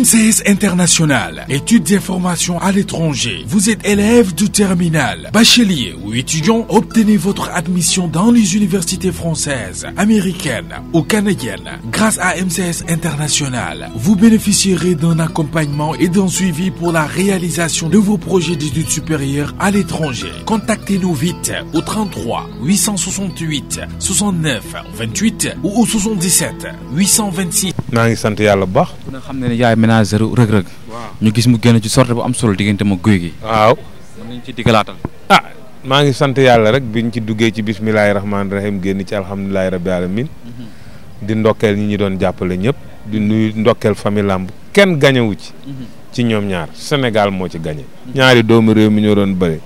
MCS International, études et formations à l'étranger. Vous êtes élève du terminal, bachelier ou étudiant, obtenez votre admission dans les universités françaises, américaines ou canadiennes. Grâce à MCS International, vous bénéficierez d'un accompagnement et d'un suivi pour la réalisation de vos projets d'études supérieures à l'étranger. Contactez-nous vite au 33 868 69 28 ou au 77 826 maa ngi sant yàlla bu baax. ku ne xam ne yaay ménageur Reug Reug. ñu gis mu génn ci sorte bu am solo diggante ma guy gi. waaw mën nañu ah maa ngi sant yàlla rek bi ñu ci duggee ci bismillahi rahmaani rahim génn ci alhamdulilahi rabbi alamin mhm. di ndokkeel ñi ñu doon jàppale ñëpp. di nuyu ndokkeel famille làmb kenn gañewu ci. Mhm. ci ñoom ñaar senegal moo ci gañe ñaari doomu réew mi ñoo doon bëri.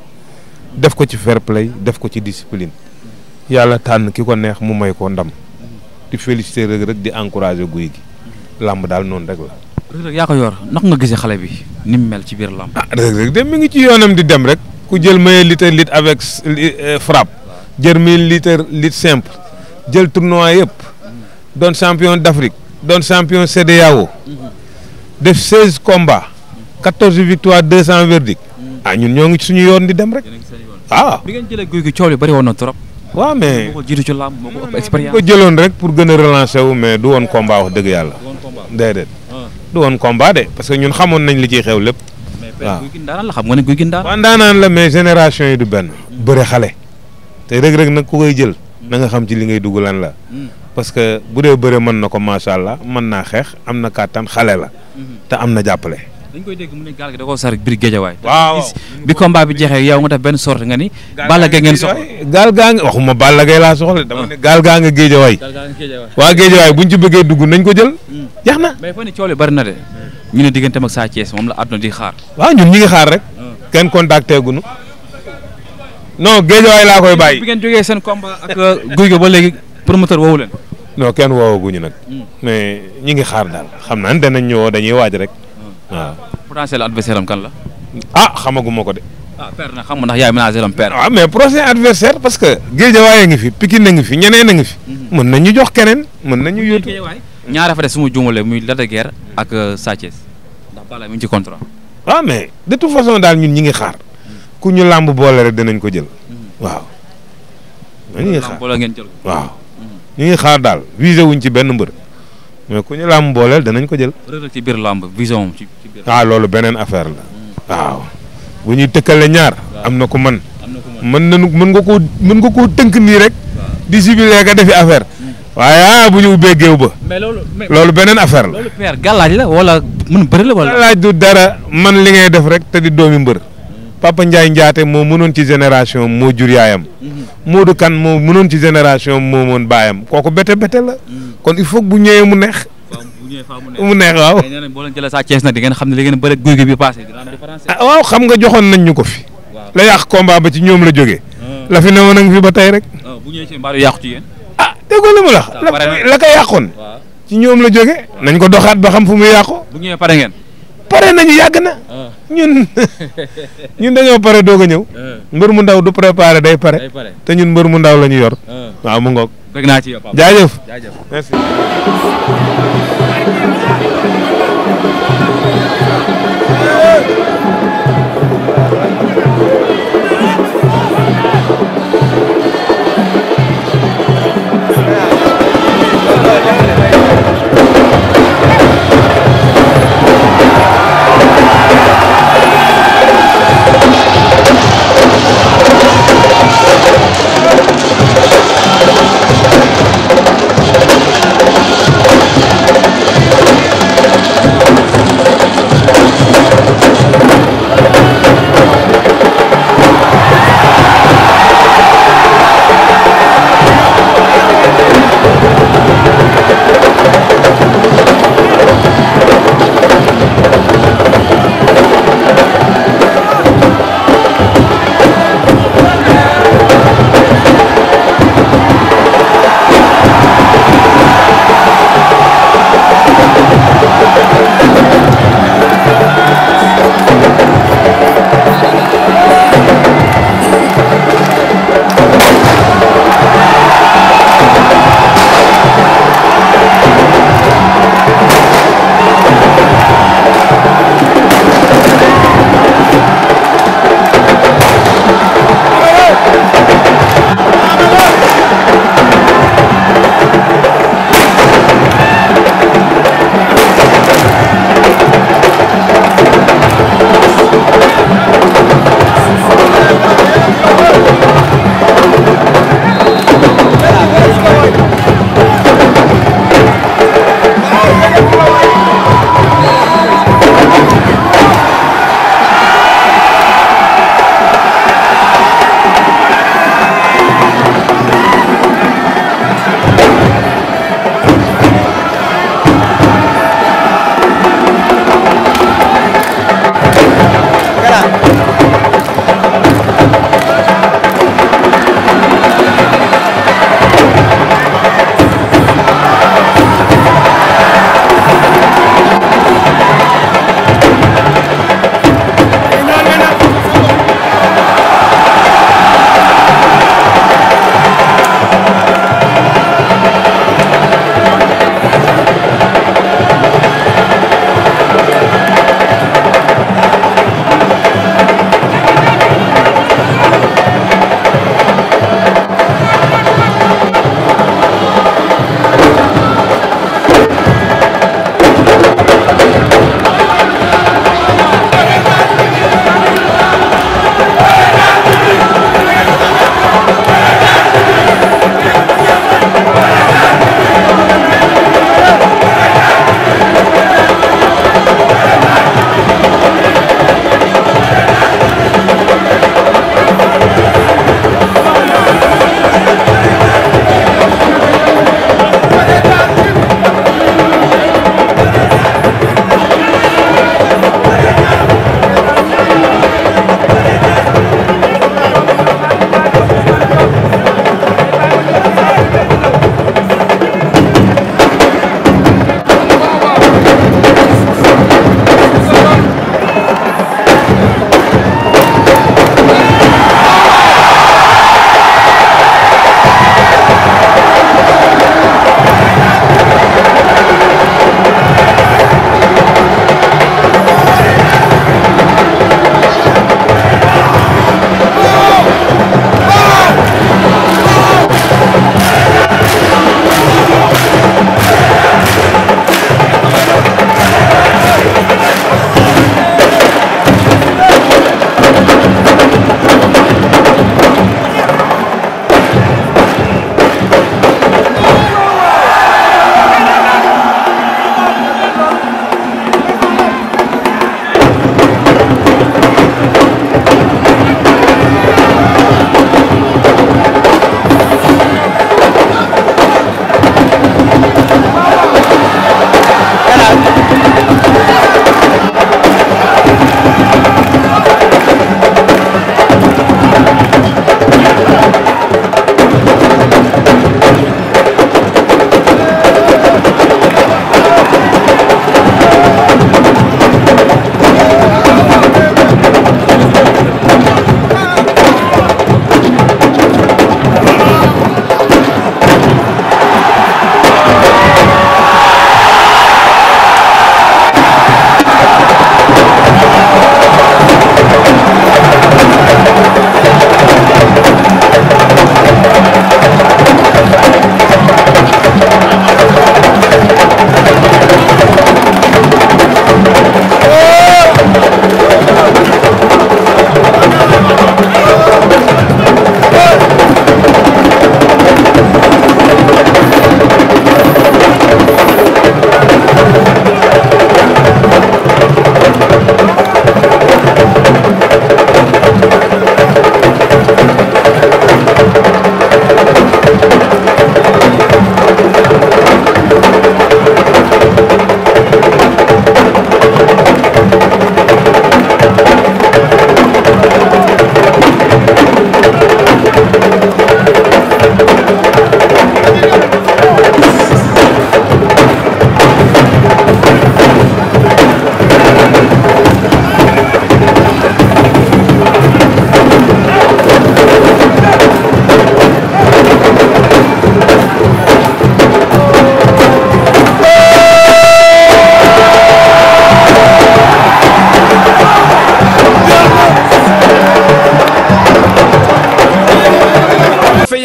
def ko ci fair def ko ci discipline. yàlla tànn ki ko neex mu may ko ndam. Mhm. di féliciter Reug Reug di encourager guy gi. Lamb dal non rek la. rek Reug yaa ko yor nak nga gisee xale bi nim mel ci bir lamb rek ah, rek dem mi ngi ci yonam di dem rek ku jël may liter lit avec euh, frappe jël mi liter lit simple jël tournoi yëpp don champion d'Afrique don champion cdao def 16 combats 14 victoires 200 cent verdict ah ñun ñoo ngi ci suñu yoon di dem rek ah. bi ngeen jëlee guuy gu coow li bari woon trop. wa mais ko jitu ci lamb moko ëpp ko jëloon rek pour gëna relancer wu mais du won combat wax deug yalla dedet ah. du won combat de parce que ñun xamoon nañ li ci xew lepp mais guy gi la xam nga ne guy gi ndaanaan. waaw la mais génération yi du ben hmm. beure xalé tay nak ku koy jël. Hmm. na nga xam ci li ngay dugg lan la. Hmm. parce que boudé beure man nako ma sha allah man na xex am na kàttan xale la. te am na jàppale. dañ koy dégg mu ne gaal gi da koo sar biir géejawaay. waaw bi combat bi jeexee yow nga def sorte nga ni. Balla ngeen jeex na. mais fan yii coow li bari na de. ñu ne digganteem ak Sa Thiès moom la àdduna di xaar. waaw ñun ñu ngi xaar rek. Ah. kenn contacté guñu géej waay laa koy bàyyi. bi ngeen jógee seen combat ak euh, guy ga ba léegi promoteur woowu leen. non kenn woowaguñu nag. Hmm. mais ñi ngi xaar daal xam naa ne danañ ñëwoo dañuy waaj rek hmm. waaw. potentiel adversaire am kan la. ah xamaguma ko de. ah xam nga ndax yaay manager am ah, mais prochain adversaire parce que. géejawaay a ngi fi Pikine na ngi fi ñeneen a ngi fi. Hmm. mën ñu jox keneen mën nañu yóotu. ñaara fa def su ma muy la de Guiers ak euh, Sa Thiès mi ci contrat. ah mais de toute façon daal ñun ñi ngi xaar hmm. ku ñu làmb boole rek danañ ko jël. Hmm. waaw. ñu ngi xaar ngeen jël waaw. Hmm. ñu ngi xaar daal visé wuñ ci benn mbër mais ku ñu làmb booleel danañ ko jël. rëdd ci biir làmb visé ci biir. Ah, loolu beneen affaire la. waaw bu ñuy tëkkale ñaar. am na ko mën. am na ko mën mën mën nga koo mën nga koo tënk nii rek. di jubilee nga defi affaire. waya ah, buñu ñu ubbee ba. mais loolu loolu affaire la. loolu père galaj la wala mën bëri la wala. gàllaaj du dara man li ngay def rek te di domi mbeur papa Ndiaye Ndiaate mo mënon ci génération mo jur yaayam. Mhm. Modou kan mo mënon ci génération mo mon bayam koku bété bété la. Mhm. kon il faut bu ñëwé mu neex. mu neex waaw. mais leen jëlee saa Thiès nag di ngeen xam li ngeen bëri guy gi bi passé. ah waaw xam nga joxon nañ ñuko fi. la yaax combat ba ci ñoom la joggé ah. la fi newoon a fi ba tay rek. Ah, bu ñëwé ci mbaru yaax ci yeen déggoo li mu la la ko yàqoon ci ñoom la jóge nañ ko doxaat ba xam fu muy yàqu bu ñëwee pare ngeen pare nañu yàgg na ah. ñun ñun dañoo pare doog a ñëw ah. mbër mu ndaw du préparé day pare te ñun mbër mu ndaw la ñu yor ah. waaw mu ngoog bëgg naa ci yow Pape jaajëf jaajëf merci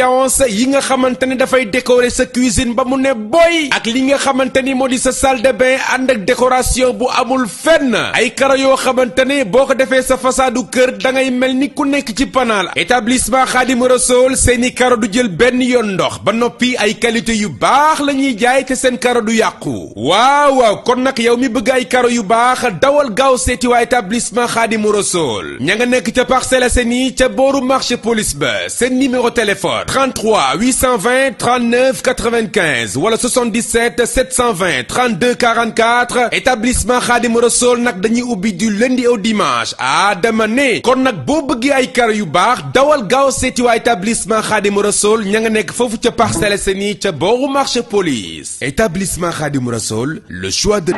Então, français yi nga xamante ni dafay décorer sa cuisine ba mu ne boy ak li nga xamante ni moo di sa salle ànd ak décoration bu amul fenn ay karo yoo xamante ni boo ko defee sa façadu kër da ngay mel ni ku nekk ci panaal établissement Khadim Rassoul seeni karo du jël benn yoon ndox ba noppi ay qualité yu baax la ñuy jaay te seen karo du yàqu waaw waaw kon nag yow mi bëgg ay karo yu baax dawal gaaw seeti waa établissement Khadim Rassoul ña nga nekk ca Parcelles Assainies ca booru marché police ba seen numéro téléphone 33 3 820 39 95 wala 77 720 32 44 établissement Khadim Rassoul nak dañuy ubi du lundi au dimanche à demain kon nak bo bëggee ay kar yu bax dawal gaaw wa établissement Khadim Rassoul ña nek fofu ci parcelle Parcelles ci marché police établissement Khadim Rassoul le choix de